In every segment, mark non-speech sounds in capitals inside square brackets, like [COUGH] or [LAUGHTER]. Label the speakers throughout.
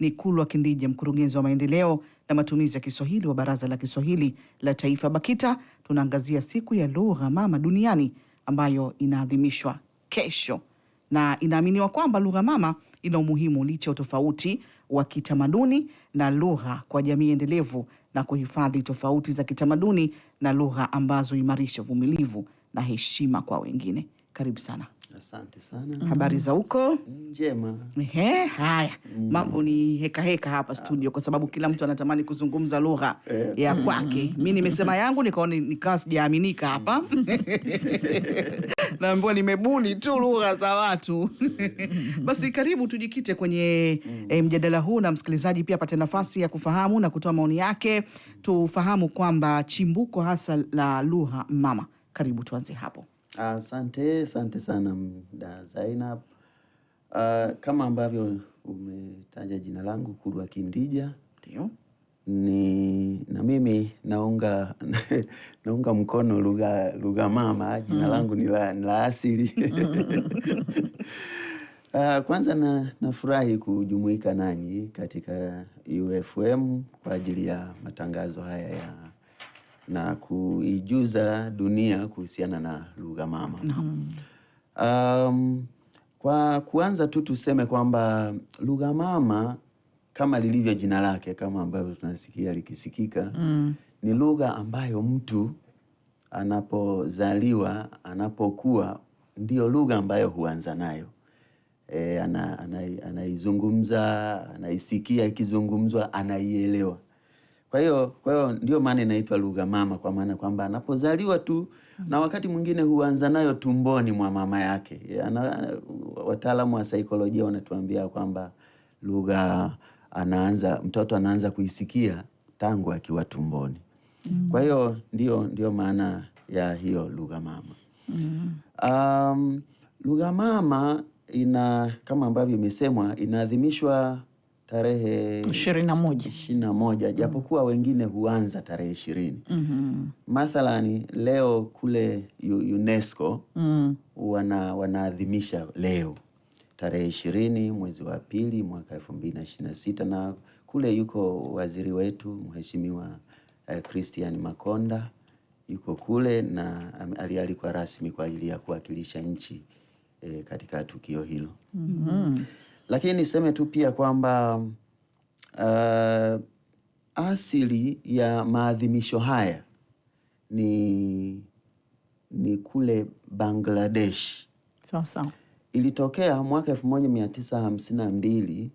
Speaker 1: ni kulwa Kindija, mkurugenzi wa maendeleo na matumizi ya Kiswahili wa Baraza la Kiswahili la Taifa, BAKITA. Tunaangazia siku ya lugha mama duniani ambayo inaadhimishwa kesho, na inaaminiwa kwamba lugha mama ina umuhimu licha ya utofauti wa kitamaduni na lugha kwa jamii endelevu na kuhifadhi tofauti za kitamaduni na lugha ambazo huimarisha uvumilivu na heshima kwa wengine. Karibu sana.
Speaker 2: Asante sana. Mm-hmm.
Speaker 1: Habari za huko? Njema. Ehe, haya mm. Mambo ni heka heka hapa studio, kwa sababu kila mtu anatamani kuzungumza lugha eh, ya kwake. Mm. Mimi nimesema yangu nikaona nikawa sijaaminika hapa mm. [LAUGHS] naambiwa nimebuni tu lugha za watu eh. basi karibu tujikite kwenye mm. e, mjadala huu na msikilizaji pia apate nafasi ya kufahamu na kutoa maoni yake. Tufahamu kwamba chimbuko hasa la lugha mama. Karibu tuanze hapo.
Speaker 2: Asante, asante sana mda Zainab. Uh, kama ambavyo umetaja jina langu Kulwa Kindija. Ndio. Ni na mimi naunga [LAUGHS] naunga mkono lugha lugha mama, jina hmm. langu ni la, ni la asili Uh, [LAUGHS] kwanza na nafurahi kujumuika nanyi katika UFM kwa ajili ya matangazo haya ya na kuijuza dunia kuhusiana na lugha mama. Um, kwa kuanza tu tuseme kwamba lugha mama kama lilivyo jina lake, kama ambavyo tunasikia likisikika mm. ni lugha ambayo mtu anapozaliwa anapokuwa, ndiyo lugha ambayo huanza nayo e, anaizungumza ana, ana, anaisikia ikizungumzwa, anaielewa kwa hiyo kwa hiyo ndio maana inaitwa lugha mama, kwa maana kwamba anapozaliwa tu mm. na wakati mwingine huanza nayo tumboni mwa mama yake. Wataalamu wa saikolojia wanatuambia kwamba lugha anaanza mtoto anaanza kuisikia tangu akiwa tumboni mm. kwa hiyo ndio ndio maana ya hiyo lugha mama mm. um, lugha mama ina kama ambavyo imesemwa inaadhimishwa tarehe
Speaker 1: ishirini na moja
Speaker 2: ishirini na moja mm. japokuwa wengine huanza tarehe ishirini mm -hmm. Mathalani leo kule UNESCO mm. wana wanaadhimisha leo tarehe ishirini mwezi wa pili mwaka elfu mbili na ishirini na sita na kule yuko waziri wetu mheshimiwa uh, Christian Makonda yuko kule na alialikwa rasmi kwa ajili ya kuwakilisha nchi eh, katika tukio hilo mm -hmm. Lakini niseme tu pia kwamba uh, asili ya maadhimisho haya ni, ni kule Bangladesh. Sasa ilitokea mwaka elfu moja mia tisa hamsini na mbili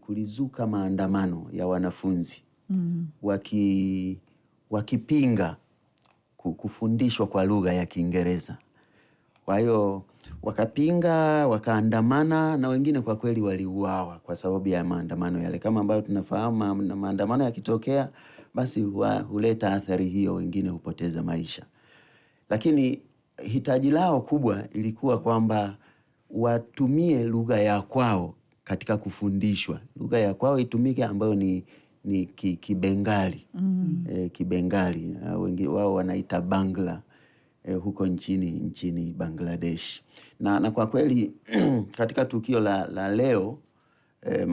Speaker 2: kulizuka maandamano ya wanafunzi mm. waki, wakipinga kufundishwa kwa lugha ya Kiingereza. Kwa hiyo wakapinga, wakaandamana na wengine kwa kweli waliuawa kwa sababu ya maandamano yale, kama ambayo tunafahamu na maandamano yakitokea, basi huleta athari hiyo, wengine hupoteza maisha. Lakini hitaji lao kubwa ilikuwa kwamba watumie lugha ya kwao katika kufundishwa, lugha ya kwao itumike ambayo ni ni Kibengali mm. E, Kibengali wao wanaita Bangla eh, huko nchini nchini Bangladesh na, na kwa kweli [CLEARS THROAT] katika tukio la, la leo eh,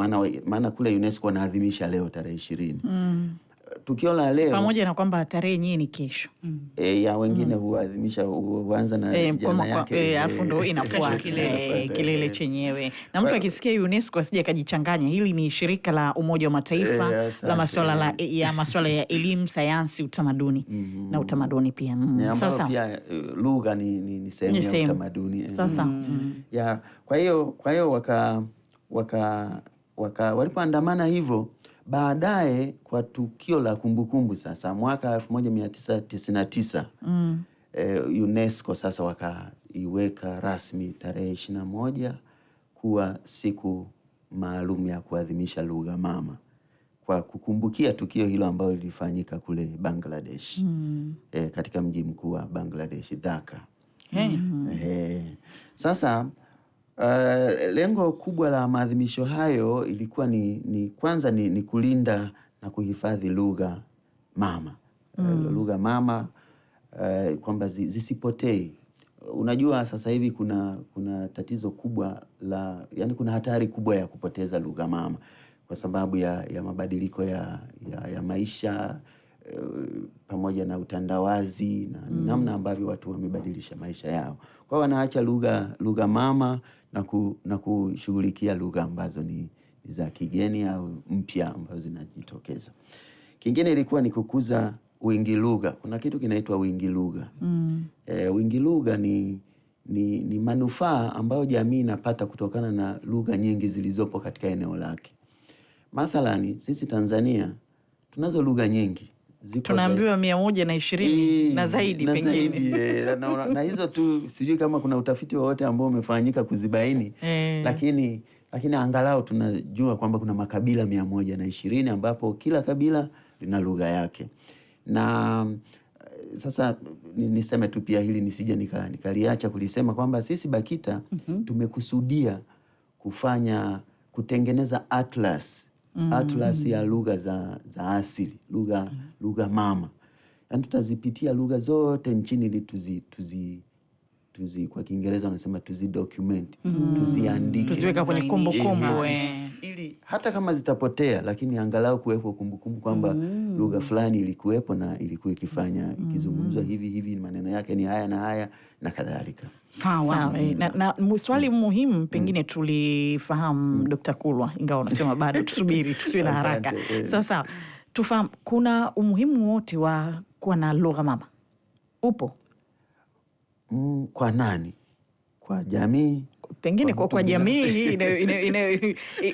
Speaker 2: maana kule UNESCO wanaadhimisha leo tarehe ishirini mm tukio la leo
Speaker 1: pamoja na kwamba tarehe yenyewe ni kesho mm.
Speaker 2: E, ya wengine mm. huadhimisha mm. huanza na e, jana yake
Speaker 1: e, eh, afu ndo [LAUGHS] inafuata kile kilele chenyewe. Na mtu akisikia UNESCO asije akajichanganya, hili ni shirika la Umoja wa Mataifa e, la masuala la ya masuala ya elimu, sayansi, utamaduni mm -hmm. na utamaduni pia
Speaker 2: mm. Sasa pia lugha ni, ni, ni sehemu ya utamaduni sasa mm. mm. ya kwa hiyo kwa hiyo waka, waka, waka walipoandamana hivyo Baadaye kwa tukio la kumbukumbu sasa mwaka 1999 mm. eh, UNESCO sasa wakaiweka rasmi tarehe ishirini na moja kuwa siku maalum ya kuadhimisha lugha mama kwa kukumbukia tukio hilo ambalo lilifanyika kule Bangladesh mm. eh, katika mji mkuu wa Bangladesh Dhaka. Hey. Eh, sasa Uh, lengo kubwa la maadhimisho hayo ilikuwa ni, ni kwanza ni, ni kulinda na kuhifadhi lugha mama eh, mm. lugha mama uh, kwamba zisipotee. Unajua sasa hivi kuna kuna tatizo kubwa la yani, kuna hatari kubwa ya kupoteza lugha mama kwa sababu ya, ya mabadiliko ya, ya, ya maisha Eh, pamoja na utandawazi na mm. namna ambavyo watu wamebadilisha maisha yao. Kwa hiyo wanaacha lugha lugha mama na, ku, na kushughulikia lugha ambazo ni, ni za kigeni au mpya ambazo zinajitokeza. Kingine ilikuwa ni kukuza wingi lugha. Kuna kitu kinaitwa wingi lugha mm. E, eh, wingi lugha ni, ni, ni manufaa ambayo jamii inapata kutokana na lugha nyingi zilizopo katika eneo lake. Mathalani sisi Tanzania tunazo lugha nyingi
Speaker 1: tunaambiwa mia moja na ishirini na zaidi
Speaker 2: pengine eh, na, na, na hizo tu, sijui kama kuna utafiti wowote ambao umefanyika kuzibaini e. Lakini, lakini angalau tunajua kwamba kuna makabila mia moja na ishirini ambapo kila kabila lina lugha yake na eh, sasa niseme tu pia hili nisije nikaliacha nika kulisema kwamba sisi BAKITA mm -hmm. tumekusudia kufanya kutengeneza atlas mm. atlas ya lugha za, za asili lugha mm. lugha mama, yani tutazipitia lugha zote nchini ili tuzi, tuzi, tuzi kwa Kiingereza wanasema tuzi document mm. tuziandike,
Speaker 1: tuziweka kwenye kumbukumbu yes
Speaker 2: ili hata kama zitapotea, lakini angalau kuwepo kumbukumbu kwamba mm. lugha fulani ilikuwepo na ilikuwa ikifanya mm-hmm. ikizungumzwa mm. hivi hivi, maneno yake ni haya na haya na kadhalika.
Speaker 1: Sawa, sawa. Eh, na, na swali mm. muhimu pengine mm. tulifahamu mm. Dkt. Kulwa, ingawa unasema bado tusubiri, tusiwe na haraka eh. sawa so, sawa tufahamu kuna umuhimu wote wa kuwa na lugha mama upo
Speaker 2: mm, kwa nani? Kwa jamii
Speaker 1: pengine kwa, kwa jamii [LAUGHS]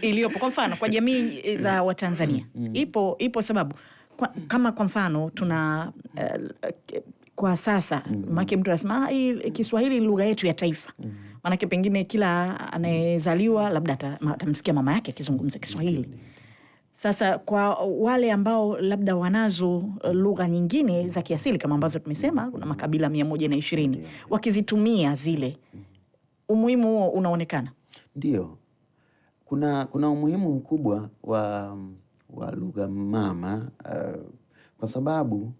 Speaker 1: iliyopo, kwa mfano kwa jamii za mm. Watanzania mm. Mm. ipo, ipo sababu kwa, kama kwa mfano tuna uh, kwa sasa make mtu anasema ah, Kiswahili lugha yetu ya taifa manake pengine kila anayezaliwa labda atamsikia mama yake akizungumza Kiswahili. Sasa kwa wale ambao labda wanazo eh, lugha nyingine za kiasili kama ambazo tumesema kuna makabila mia moja na ishirini wakizitumia zile umuhimu huo unaonekana?
Speaker 2: Ndio, kuna kuna umuhimu mkubwa wa, wa lugha mama uh, kwa sababu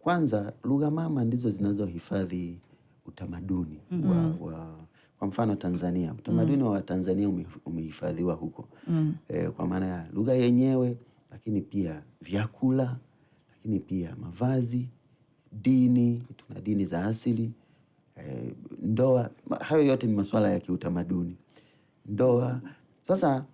Speaker 2: kwanza lugha mama ndizo zinazohifadhi utamaduni mm -hmm. wa, mm-hmm. wa, kwa mfano Tanzania utamaduni mm. wa Tanzania umehifadhiwa huko mm. e, kwa maana ya lugha yenyewe, lakini pia vyakula, lakini pia mavazi, dini. Tuna dini za asili eh, ndoa. Hayo yote ni masuala ya kiutamaduni, ndoa. Sasa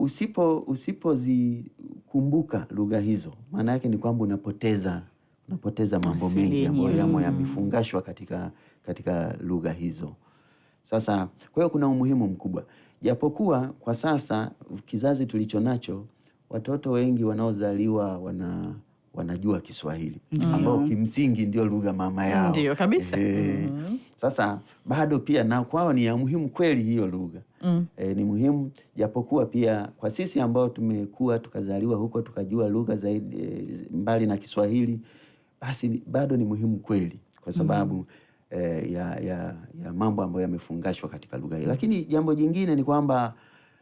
Speaker 2: usipo usipozikumbuka lugha hizo, maana yake ni kwamba unapoteza unapoteza mambo mengi ambayo yamo mm. yamefungashwa katika, katika lugha hizo. Sasa kwa hiyo kuna umuhimu mkubwa, japokuwa kwa sasa kizazi tulicho nacho watoto wengi wanaozaliwa wana wanajua Kiswahili mm. ambao kimsingi ndio lugha mama yao
Speaker 1: ndio kabisa e,
Speaker 2: mm. Sasa bado pia na kwao ni ya muhimu kweli hiyo lugha mm. E, ni muhimu japokuwa pia kwa sisi ambao tumekuwa tukazaliwa huko tukajua lugha zaidi e, mbali na Kiswahili basi bado ni muhimu kweli kwa sababu mm. e, ya, ya, ya mambo ambayo yamefungashwa katika lugha hii, lakini jambo jingine ni kwamba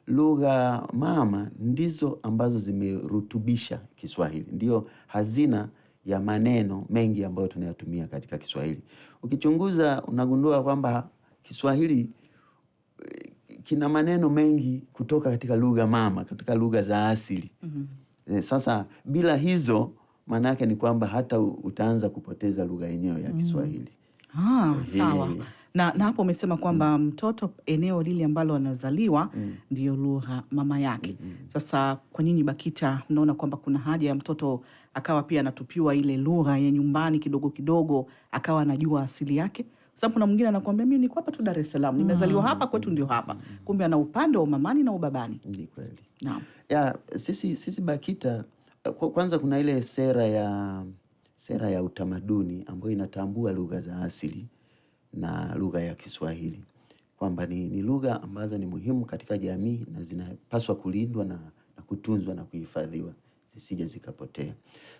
Speaker 2: lugha mama ndizo ambazo zimerutubisha Kiswahili, ndiyo hazina ya maneno mengi ambayo tunayatumia katika Kiswahili. Ukichunguza unagundua kwamba Kiswahili eh, kina maneno mengi kutoka katika lugha mama, katika lugha za asili mm -hmm. Sasa bila hizo, maana yake ni kwamba hata utaanza kupoteza lugha yenyewe ya mm. Kiswahili.
Speaker 1: mm. Ah, eh, sawa na, na hapo umesema kwamba mm. mtoto eneo lile ambalo anazaliwa mm. ndiyo lugha mama yake mm -hmm. Sasa kwa nini BAKITA mnaona kwamba kuna haja ya mtoto akawa pia anatupiwa ile lugha ya nyumbani kidogo kidogo, akawa anajua asili yake? Sababu kuna mwingine anakuambia mimi niko hapa tu Dar es Salaam, nimezaliwa ah, hapa kwetu, mm, ndio hapa, mm, mm. kumbe ana upande wa mamani na ubabani.
Speaker 2: Ni kweli. Naam. Ya, sisi, sisi BAKITA kwanza kuna ile sera ya sera ya utamaduni ambayo inatambua lugha za asili na lugha ya Kiswahili kwamba ni, ni lugha ambazo ni muhimu katika jamii na zinapaswa kulindwa na, na kutunzwa na kuhifadhiwa zisije zikapotea.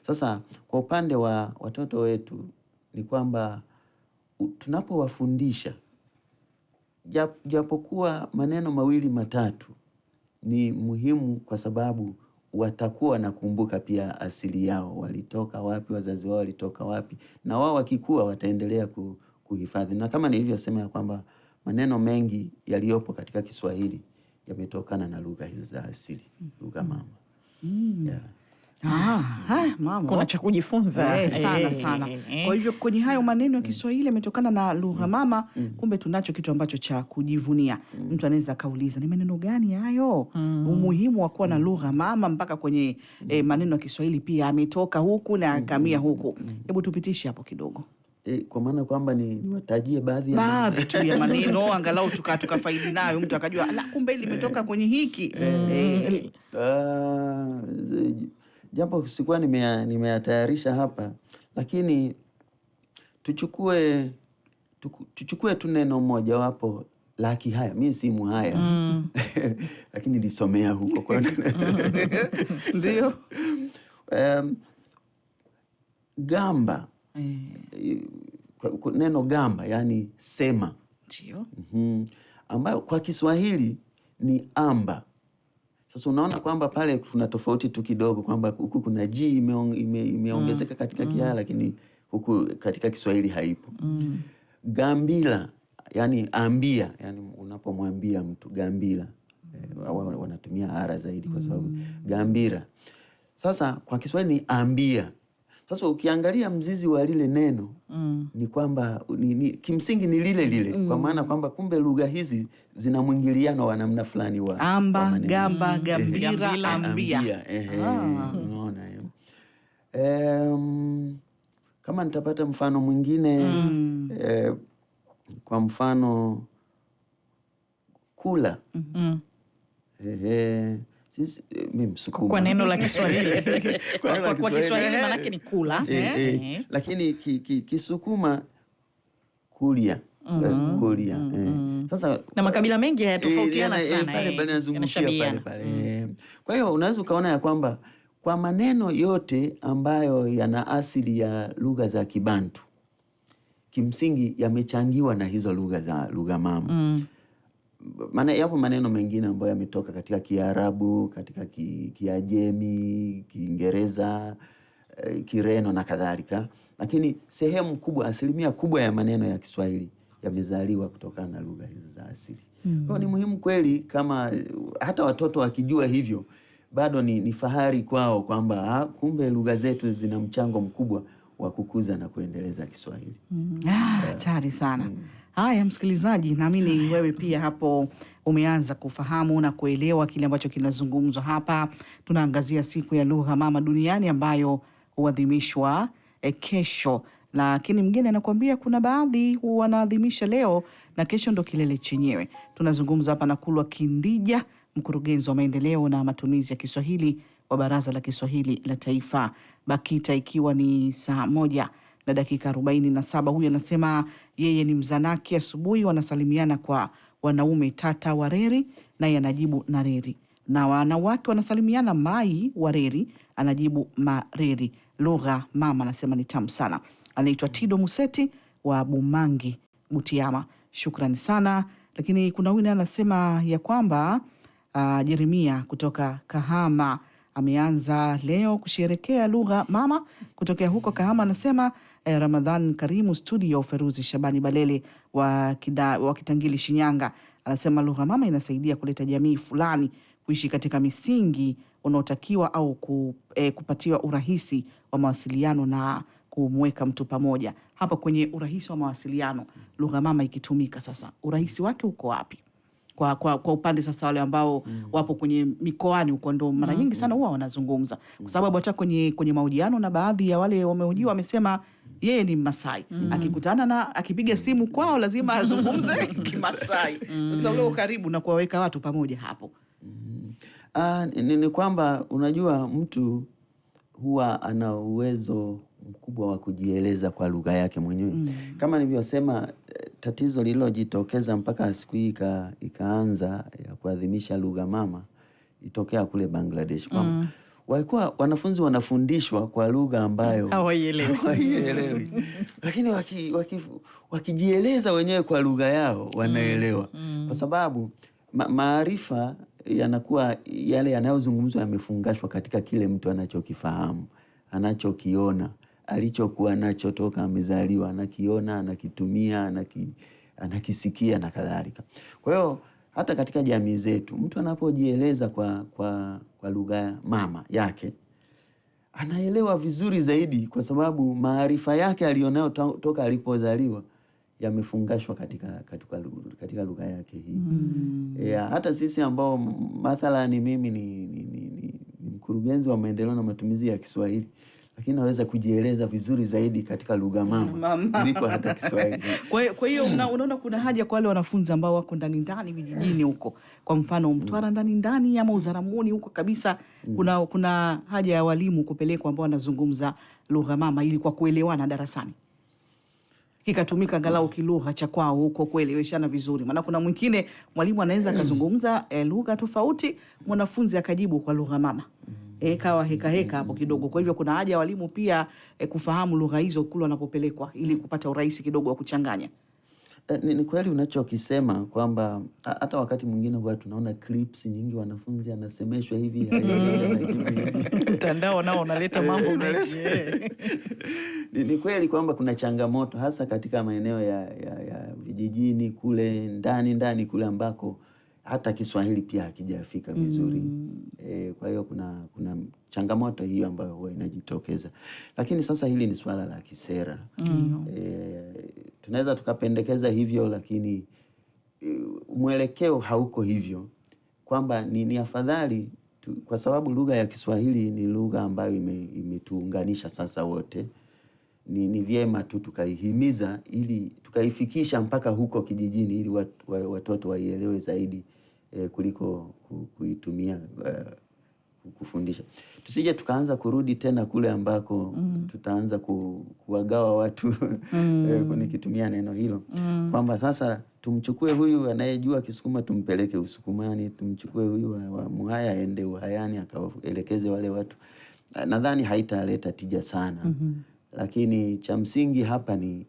Speaker 2: Sasa kwa upande wa watoto wetu ni kwamba tunapowafundisha japokuwa maneno mawili matatu ni muhimu, kwa sababu watakuwa wanakumbuka pia asili yao, walitoka wapi, wazazi wao walitoka wapi, na wao wakikua wataendelea ku kuhifadhi. Na kama nilivyosema ya kwamba maneno mengi yaliyopo katika Kiswahili yametokana na lugha hizo za asili, lugha mama mm.
Speaker 1: yeah. Ah, mama. Kuna cha kujifunza hey, eh, sana eh. sana hey. Kwa hivyo kwenye hayo maneno ya mm. Kiswahili yametokana na lugha mm. mama mm. Kumbe tunacho kitu ambacho cha kujivunia mm. Mtu anaweza akauliza ni maneno gani hayo mm. Umuhimu wa kuwa na mm. lugha mama mpaka kwenye eh, mm. eh, maneno ya Kiswahili pia ametoka huku na akamia huku mm. Hebu tupitishe hapo kidogo.
Speaker 2: E, kwa maana kwamba ni niwatajie baadhi baadhi
Speaker 1: tu ya [LAUGHS] maneno angalau tuka tukafaidi nayo, mtu akajua la, ah, kumbe limetoka kwenye hiki mm. E,
Speaker 2: uh, japo sikuwa nimeyatayarisha hapa, lakini tuchukue tuku, tuchukue tu neno moja wapo la Kihaya. Mi si haya mm. [LAUGHS] lakini nilisomea huko kwa [LAUGHS] ndio um, gamba e, neno gamba yaani sema Mm-hmm. ambayo kwa Kiswahili ni amba. Sasa unaona kwamba pale kuna tofauti tu kidogo kwamba huku kuna ji imeongezeka ime, mm. katika mm. Kihaa lakini huku katika Kiswahili haipo mm. Gambila yani ambia, yani unapomwambia mtu gambila mm. e, wanatumia ara zaidi kwa sababu mm. gambira. Sasa kwa Kiswahili ni ambia sasa ukiangalia mzizi wa lile neno mm. ni kwamba ni, ni, kimsingi ni lile lile mm. kwa maana kwamba kumbe lugha hizi zina mwingiliano wa namna fulani wa
Speaker 1: amba gamba gambira eh, ambia. Ah. Unaona
Speaker 2: hiyo um, kama nitapata mfano mwingine mm. eh, kwa mfano kula mm -hmm. eh,
Speaker 1: eh, Eh, kwa neno la Kiswahili [LAUGHS] kwa, Kiswahili maanake ni kula eh,
Speaker 2: eh, eh. Lakini ki, ki, Kisukuma kulia mm -hmm. kulia mm -hmm. eh. Mm-hmm.
Speaker 1: Sasa na makabila mengi hayatofautiana eh, eh sana pale
Speaker 2: pale nazungushia pale pale mm. Kwa hiyo unaweza ukaona ya kwamba kwa maneno yote ambayo yana asili ya lugha za Kibantu kimsingi yamechangiwa na hizo lugha za lugha mama mm mane, yapo maneno mengine ambayo yametoka katika Kiarabu, katika ki, Kiajemi, Kiingereza, eh, Kireno na kadhalika, lakini sehemu kubwa, asilimia kubwa ya maneno ya Kiswahili yamezaliwa kutokana na lugha hizo za asili. Mm. Kwa ni muhimu kweli kama hata watoto wakijua hivyo bado ni, ni fahari kwao kwamba ah, kumbe lugha zetu zina mchango mkubwa wa kukuza na kuendeleza Kiswahili.
Speaker 1: Mm. Ah, sana. Mm. Haya msikilizaji, naamini wewe pia hapo umeanza kufahamu na kuelewa kile ambacho kinazungumzwa hapa. Tunaangazia siku ya lugha mama duniani ambayo huadhimishwa eh, kesho, lakini mgeni anakuambia kuna baadhi wanaadhimisha leo na kesho ndo kilele chenyewe. Tunazungumza hapa na Kulwa Kindija, mkurugenzi wa maendeleo na matumizi ya Kiswahili wa Baraza la Kiswahili la Taifa BAKITA, ikiwa ni saa moja na dakika 47. Huyu anasema yeye ni Mzanaki. Asubuhi wanasalimiana kwa wanaume tata Wareri, naye anajibu Nareri, na wanawake wanasalimiana mai Wareri, anajibu Mareri. Lugha mama anasema ni tamu sana. Anaitwa Tido Museti wa Bumangi, Butiama. Shukrani sana. Lakini kuna huyu naye anasema ya kwamba uh, Jeremia kutoka Kahama ameanza leo kusherekea lugha mama kutokea huko Kahama, anasema eh, Ramadhan Karimu studio, Feruzi Shabani Balele wa, kida, wa Kitangili Shinyanga anasema lugha mama inasaidia kuleta jamii fulani kuishi katika misingi unaotakiwa au ku, eh, kupatiwa urahisi wa mawasiliano na kumweka mtu pamoja. Hapa kwenye urahisi wa mawasiliano, lugha mama ikitumika sasa, urahisi wake uko wapi? Kwa, kwa, kwa upande sasa wale ambao mm. wapo kwenye mikoani huko ndo mara mm. nyingi sana mm. huwa wanazungumza, kwa mm. sababu hata kwenye, kwenye mahojiano na baadhi ya wale wamehojiwa mm. wamesema yeye ni masai mm. akikutana na akipiga mm. simu kwao lazima mm. azungumze [LAUGHS] Kimasai. Mm. Sasa ule ukaribu na kuwaweka watu pamoja hapo mm.
Speaker 2: uh, ni, ni kwamba unajua mtu huwa ana uwezo mkubwa wa kujieleza kwa lugha yake mwenyewe mm. Kama nilivyosema, eh, tatizo lililojitokeza mpaka siku hii ikaanza ya kuadhimisha lugha mama itokea kule Bangladesh kwamba mm walikuwa wanafunzi wanafundishwa kwa lugha ambayo hawaielewi [LAUGHS] lakini wakijieleza waki, waki wenyewe kwa lugha yao wanaelewa mm, mm. kwa sababu maarifa yanakuwa yale yanayozungumzwa yamefungashwa katika kile mtu anachokifahamu, anachokiona, alichokuwa nacho toka amezaliwa, anakiona, anakitumia, anaki, anakisikia na kadhalika. Kwa hiyo hata katika jamii zetu mtu anapojieleza kwa, kwa, kwa lugha mama yake anaelewa vizuri zaidi, kwa sababu maarifa yake aliyonayo toka alipozaliwa yamefungashwa katika, katika, katika lugha yake hii mm. E, hata sisi ambao mathalani mimi ni, ni, ni, ni, ni mkurugenzi wa maendeleo na matumizi ya Kiswahili lakini naweza kujieleza vizuri zaidi katika lugha mama kuliko hata Kiswahili.
Speaker 1: [LAUGHS] Kwa hiyo una, unaona kuna haja kwa wale wanafunzi ambao wako ndani ndani vijijini huko, kwa mfano mm. Mtwara ndani ndani ama Uzaramuni huko kabisa, mm. kuna kuna haja ya walimu kupelekwa ambao wanazungumza lugha mama ili kwa kuelewana darasani kikatumika angalau mm. kilugha cha kwao huko kueleweshana vizuri, maana kuna mwingine mwalimu anaweza akazungumza e, lugha tofauti, mwanafunzi akajibu kwa lugha mama eh, kawa heka heka hapo kidogo. Kwa hivyo kuna haja ya walimu pia e, kufahamu lugha hizo kule wanapopelekwa ili kupata urahisi kidogo wa kuchanganya.
Speaker 2: Eh, ni, ni kweli unachokisema kwamba hata wakati mwingine huwa tunaona clips nyingi, wanafunzi anasemeshwa hivi
Speaker 1: [LAUGHS] mtandao nao unaleta eh, mambo mengi. Eh.
Speaker 2: [LAUGHS] Ni, ni kweli kwamba kuna changamoto hasa katika maeneo ya, ya, ya vijijini kule ndani ndani kule ambako hata Kiswahili pia hakijafika vizuri mm. E, kwa hiyo kuna, kuna changamoto hiyo ambayo huwa inajitokeza, lakini sasa hili ni swala la kisera mm. E, tunaweza tukapendekeza hivyo, lakini e, mwelekeo hauko hivyo kwamba ni, ni afadhali tu, kwa sababu lugha ya Kiswahili ni lugha ambayo imetuunganisha ime sasa wote ni, ni vyema tu tukaihimiza ili tukaifikisha mpaka huko kijijini ili watoto waielewe zaidi eh, kuliko kuitumia eh, kufundisha. Tusije tukaanza kurudi tena kule ambako mm. tutaanza ku, kuwagawa watu [LAUGHS] eh, mm. nikitumia neno hilo mm. kwamba sasa tumchukue huyu anayejua Kisukuma tumpeleke Usukumani, tumchukue huyu wa, wa Muhaya aende Uhayani akawaelekeze wale watu. Nadhani haitaleta tija sana mm -hmm. Lakini cha msingi hapa ni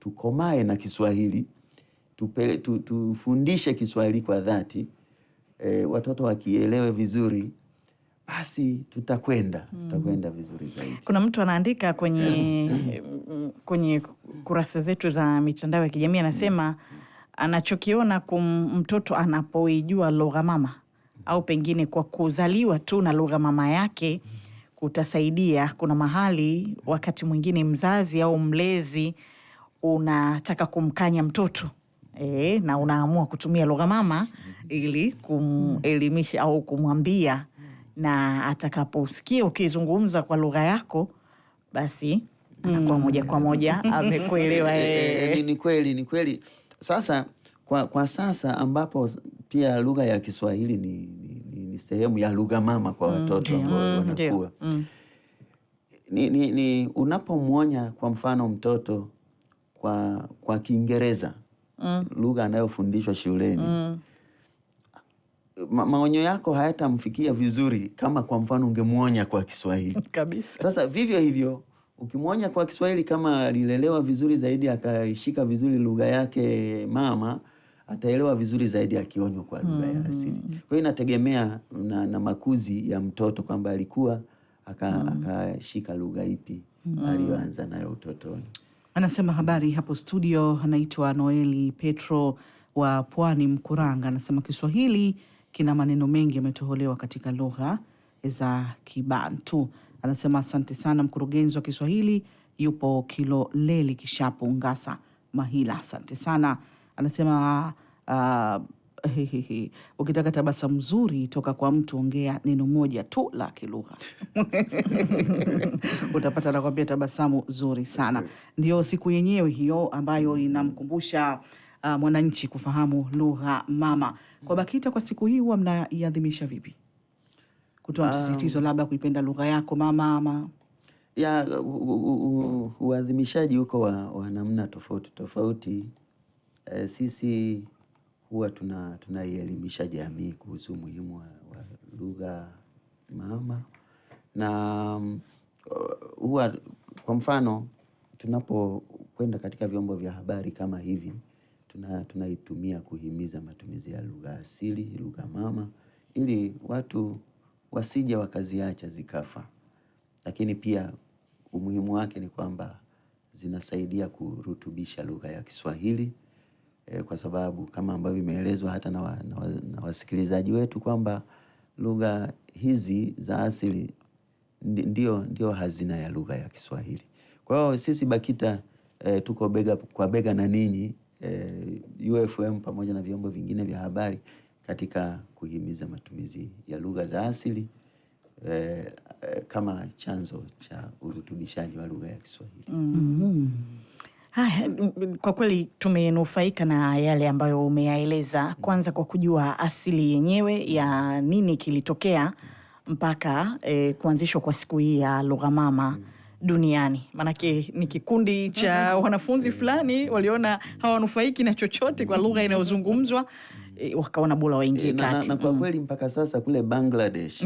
Speaker 2: tukomae na Kiswahili tupele, tu, tufundishe Kiswahili kwa dhati e, watoto wakielewe vizuri basi tutakwenda mm-hmm. tutakwenda vizuri zaidi.
Speaker 1: Kuna mtu anaandika kwenye eh. kwenye kurasa zetu za mitandao ya kijamii anasema anachokiona mtoto anapoijua lugha mama au pengine kwa kuzaliwa tu na lugha mama yake kutasaidia. Kuna mahali wakati mwingine mzazi au mlezi unataka kumkanya mtoto e, na unaamua kutumia lugha mama mhm. ili kumelimisha au kumwambia, mhm. na atakaposikia ukizungumza kwa lugha yako basi anakuwa mm. moja kwa moja [LAUGHS] amekuelewa. E,
Speaker 2: ni kweli, ni kweli. Sasa kwa, kwa sasa ambapo pia lugha ya Kiswahili ni, ni, ni, ni sehemu ya lugha mama kwa mm, watoto ambao wanakuwa mm. ni, ni, ni unapomwonya kwa mfano mtoto kwa, kwa Kiingereza mm. lugha anayofundishwa shuleni mm. Ma maonyo yako hayatamfikia vizuri kama kwa mfano ungemwonya kwa Kiswahili [LAUGHS] kabisa. Sasa vivyo hivyo ukimwonya kwa Kiswahili, kama alilelewa vizuri zaidi akaishika vizuri lugha yake mama, ataelewa vizuri zaidi akionywa kwa lugha mm ya mm-hmm. asili. Kwa hiyo inategemea na, na makuzi ya mtoto kwamba alikuwa mm. akashika aka lugha ipi mm aliyoanza nayo utotoni.
Speaker 1: Anasema habari hapo studio, anaitwa Noeli Petro wa Pwani Mkuranga. Anasema Kiswahili kina maneno mengi yametoholewa katika lugha za Kibantu. Anasema asante sana mkurugenzi wa Kiswahili, yupo Kiloleli Kishapu Ngasa Mahila, asante sana. Anasema uh, [LAUGHS] Ukitaka tabasamu zuri toka kwa mtu ongea neno moja tu la kilugha [LAUGHS] utapata, nakwambia tabasamu zuri sana. Ndio siku yenyewe hiyo ambayo mm. inamkumbusha uh, mwananchi kufahamu lugha mama. Kwa mm. BAKITA kwa siku hii huwa mnaiadhimisha vipi, kutoa um, msisitizo um, labda kuipenda lugha yako mama ama
Speaker 2: ya uadhimishaji huko wa, wa namna tofauti tofauti. Uh, sisi huwa tunaielimisha tuna jamii kuhusu umuhimu wa, wa lugha mama na uh, huwa kwa mfano tunapokwenda katika vyombo vya habari kama hivi tuna, tunaitumia kuhimiza matumizi ya lugha asili, lugha mama ili watu wasije wakaziacha zikafa. Lakini pia umuhimu wake ni kwamba zinasaidia kurutubisha lugha ya Kiswahili e, kwa sababu kama ambavyo imeelezwa hata na, wa, na, wa, na wasikilizaji wetu kwamba lugha hizi za asili ndio, ndio hazina ya lugha ya Kiswahili. Kwa hiyo sisi BAKITA e, tuko bega kwa bega na ninyi e, eh, UFM pamoja na vyombo vingine vya habari katika kuhimiza matumizi ya lugha za asili e, kama chanzo cha urutubishaji wa lugha ya Kiswahili. mm -hmm.
Speaker 1: Haya, ah, kwa kweli tumenufaika na yale ambayo umeyaeleza, mm. kwanza kwa kujua asili yenyewe mm. ya nini kilitokea mpaka e, kuanzishwa kwa siku hii ya lugha mama mm. duniani. Maanake ni kikundi cha mm-hmm. wanafunzi eh, fulani waliona hawanufaiki na chochote kwa lugha mm-hmm. inayozungumzwa e, wakaona bora waingie kati
Speaker 2: na, na, na kwa kweli mpaka sasa kule Bangladesh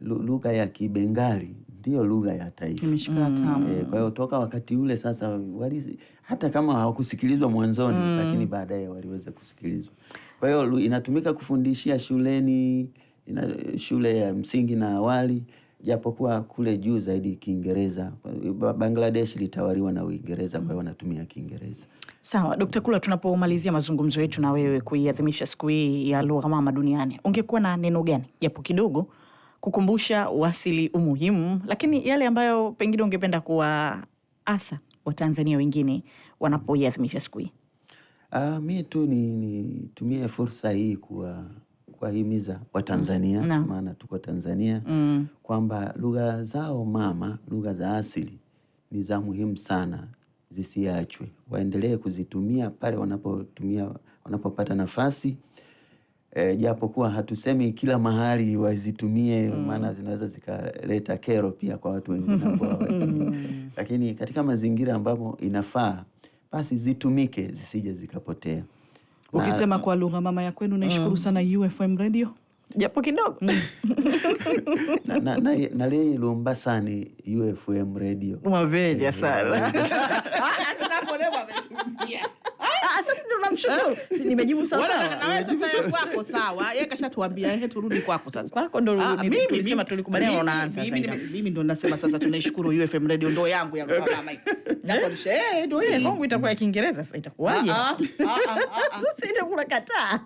Speaker 2: lugha ya Kibengali ndiyo lugha ya taifa
Speaker 1: mm.
Speaker 2: E, kwa hiyo toka wakati ule sasa wali, hata kama hawakusikilizwa mwanzoni mm. lakini baadaye waliweza kusikilizwa. Kwa hiyo inatumika kufundishia shuleni ina, shule ya msingi na awali, japokuwa kule juu zaidi Kiingereza. Bangladesh ilitawaliwa na Uingereza, kwa hiyo wanatumia Kiingereza.
Speaker 1: Sawa, Dkt. Kula, tunapomalizia mazungumzo yetu na wewe kuiadhimisha siku hii ya lugha mama duniani, ungekuwa na neno gani japo kidogo kukumbusha uasili umuhimu, lakini yale ambayo pengine ungependa kuwaasa Watanzania wengine wanapoiadhimisha siku hii?
Speaker 2: Uh, ah, mi tu nitumie ni fursa hii kuwa kuwahimiza Watanzania mm. maana tuko Tanzania mm. kwamba lugha zao mama, lugha za asili ni za muhimu sana, zisiachwe, waendelee kuzitumia pale wanapotumia wanapopata nafasi e, kuwa hatusemi kila mahali wazitumie mm. maana zinaweza zikaleta kero pia kwa watu wengine [LAUGHS] ambao mm. lakini katika mazingira ambapo inafaa basi zitumike zisije zikapotea.
Speaker 1: Ukisema kwa lugha mama ya kwenu, naishukuru mm. sana UFM Radio japo kidogo mm.
Speaker 2: [LAUGHS] na, na, na, lumba sani UFM Radio
Speaker 1: maveja eh, sana [LAUGHS] Ah, sasa ndio namshukuru. Eh? Si nimejibu sawa sawa. Na wewe sasa yeye kwako sawa. Yeye kashatuambia yeye turudi kwako sasa. Kwako ndio ah, rudi. Mimi tulisema tulikubaliana unaanza sasa. Mimi ndio nasema sasa tunaishukuru UFM Radio ndio yangu ya baba [LAUGHS] mama. Eh? Eh, ndio mm. itakuwa ya Kiingereza sasa, itakuwaje? kataa.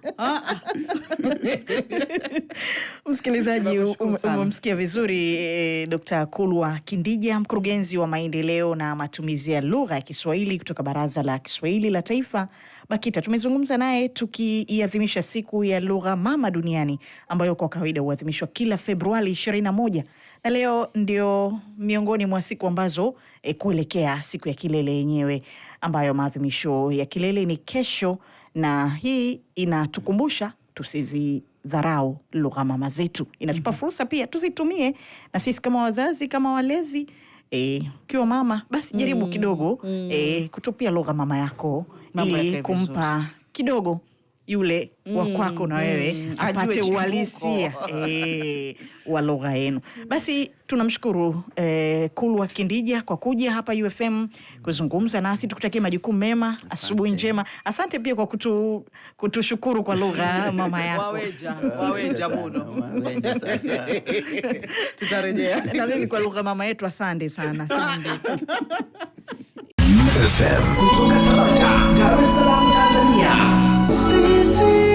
Speaker 1: Msikilizaji, umemsikia vizuri eh, Kulwa Kindija, mkurugenzi wa maendeleo na matumizi ya lugha ya Kiswahili kutoka Baraza la Kiswahili la Taifa BAKITA. Tumezungumza naye tukiiadhimisha siku ya lugha mama duniani ambayo kwa kawaida huadhimishwa kila Februari 21 na leo ndio miongoni mwa siku ambazo e, kuelekea siku ya kilele yenyewe ambayo maadhimisho ya kilele ni kesho, na hii inatukumbusha tusizi dharau lugha mama zetu, inatupa mm -hmm. fursa pia tuzitumie na sisi kama wazazi, kama walezi eh, ukiwa e, mama basi jaribu mm, kidogo mm. E, kutupia lugha mama yako ili kumpa kidogo yule wa mm, kwako na wewe mm, apate uhalisia [LAUGHS] eh, wa lugha yenu. Basi tunamshukuru eh, Kulwa Kindija kwa kuja hapa UFM kuzungumza nasi, tukutakie majukumu mema, asubuhi njema. Asante pia kwa kutu, kutushukuru kwa lugha [LAUGHS] mama yako
Speaker 2: waweja, waweja
Speaker 1: [LAUGHS] tutarejea na mimi kwa lugha mama yetu. Asante sana, asante kutoka Tanzania. see